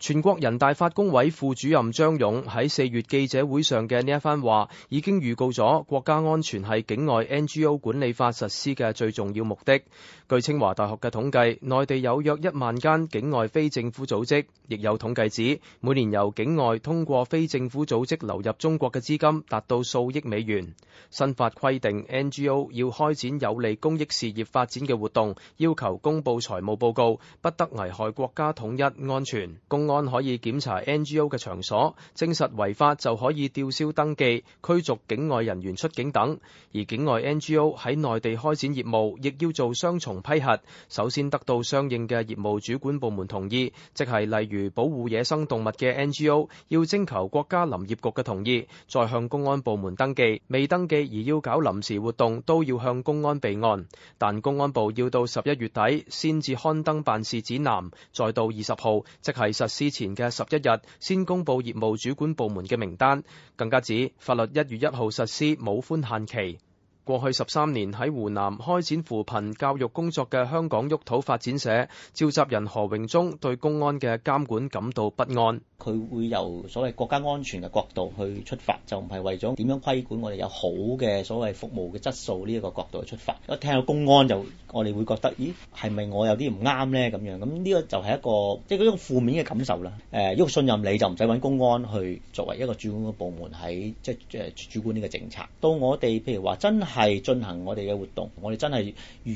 全國人大法工委副主任張勇喺四月記者會上嘅呢一番話，已經預告咗國家安全係境外 NGO 管理法實施嘅最重要目的。據清華大學嘅統計，內地有約一萬間境外非政府組織，亦有統計指，每年由境外通過非政府組織流入中國嘅資金達到數億美元。新法規定 NGO 要開展有利公益事業發展嘅活動，要求公布財務報告，不得危害國家統一、安全、公。公安可以檢查 NGO 嘅場所，證實違法就可以吊銷登記、驅逐境外人員出境等。而境外 NGO 喺內地開展業務，亦要做雙重批核，首先得到相應嘅業務主管部門同意，即係例如保護野生動物嘅 NGO 要徵求國家林業局嘅同意，再向公安部門登記。未登記而要搞臨時活動，都要向公安備案。但公安部要到十一月底先至刊登辦事指南，再到二十號即係實施。之前嘅十一日先公布業務主管部門嘅名單，更加指法律一月一號實施冇寬限期。過去十三年喺湖南開展扶貧教育工作嘅香港沃土發展社召集人何榮忠對公安嘅監管感到不安。佢會由所謂國家安全嘅角度去出發，就唔係為咗點樣規管我哋有好嘅所謂服務嘅質素呢一個角度去出發。一聽到公安就我哋會覺得，咦，係咪我有啲唔啱呢？咁樣咁呢個就係一個即係嗰種負面嘅感受啦。一、呃、個信任你就唔使揾公安去作為一個主管嘅部門喺即係主管呢個政策。到我哋譬如話真係進行我哋嘅活動，我哋真係如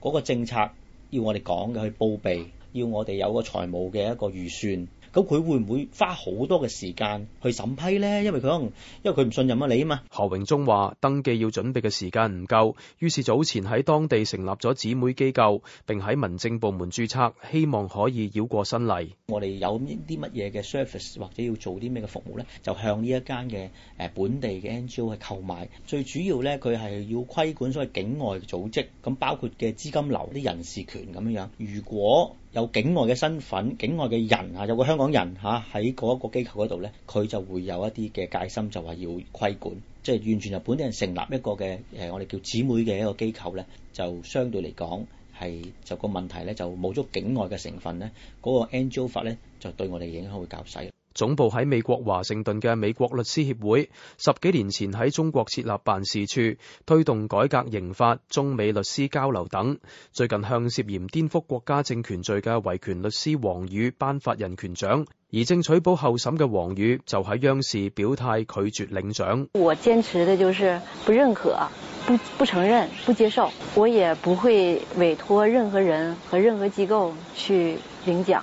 嗰個政策要我哋講嘅去報備，要我哋有個財務嘅一個預算。咁佢會唔會花好多嘅時間去審批咧？因為佢可能因為佢唔信任啊你啊嘛。何榮忠話：登記要準備嘅時間唔夠，於是早前喺當地成立咗姊妹機構，並喺民政部門註冊，希望可以繞過新例。我哋有啲乜嘢嘅 service 或者要做啲咩嘅服務咧，就向呢一間嘅誒本地嘅 NGO 去購買。最主要咧，佢係要規管所謂境外的組織，咁包括嘅資金流、啲人事權咁樣樣。如果有境外嘅身份、境外嘅人啊，有個香港人吓，喺嗰一個機構嗰度咧，佢就會有一啲嘅戒心，就話要規管，即係完全由本地人成立一個嘅誒，我哋叫姊妹嘅一個機構咧，就相對嚟講係就個問題咧，就冇咗境外嘅成分咧，嗰個 NGO 法咧就對我哋影響會較細。總部喺美國華盛頓嘅美國律師協會，十幾年前喺中國設立辦事處，推動改革刑法、中美律師交流等。最近向涉嫌顛覆國家政權罪嘅維權律師王宇頒發人權獎，而正取保候審嘅王宇就喺央視表態拒絕領獎。我堅持的就是不認可、不不承認、不接受，我也不會委托任何人和任何機構去領獎。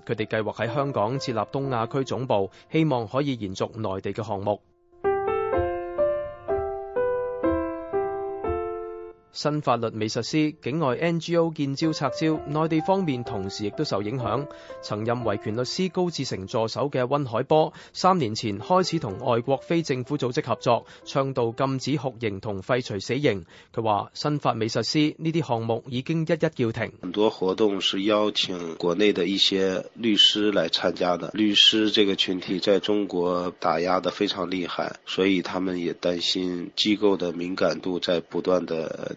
佢哋計劃喺香港設立東亞區總部，希望可以延續內地嘅項目。新法律未實施，境外 NGO 見招拆招，內地方面同時亦都受影響。曾任維權律師高志成助手嘅温海波，三年前開始同外國非政府組織合作，倡導禁止酷刑同廢除死刑。佢話新法未實施，呢啲項目已經一一叫停。很多活動是邀請國內的一些律師來參加的，律師這個群體在中國打壓得非常厲害，所以他們也擔心機構的敏感度在不斷的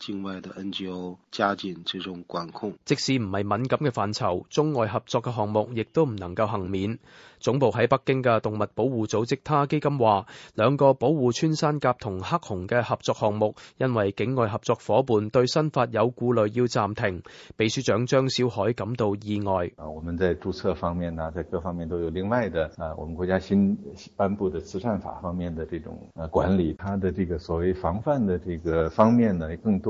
境外的 NGO 加緊這種管控，即使唔係敏感嘅範疇，中外合作嘅項目亦都唔能夠幸免。總部喺北京嘅動物保護組織他基金話，兩個保護穿山甲同黑熊嘅合作項目，因為境外合作伙伴對新法有顧慮，要暫停。秘書長張小海感到意外。啊，我們在註冊方面呢，在各方面都有另外的啊，我們國家新頒布的慈善法方面的這種管理，它的這個所謂防範的這個方面呢，更多。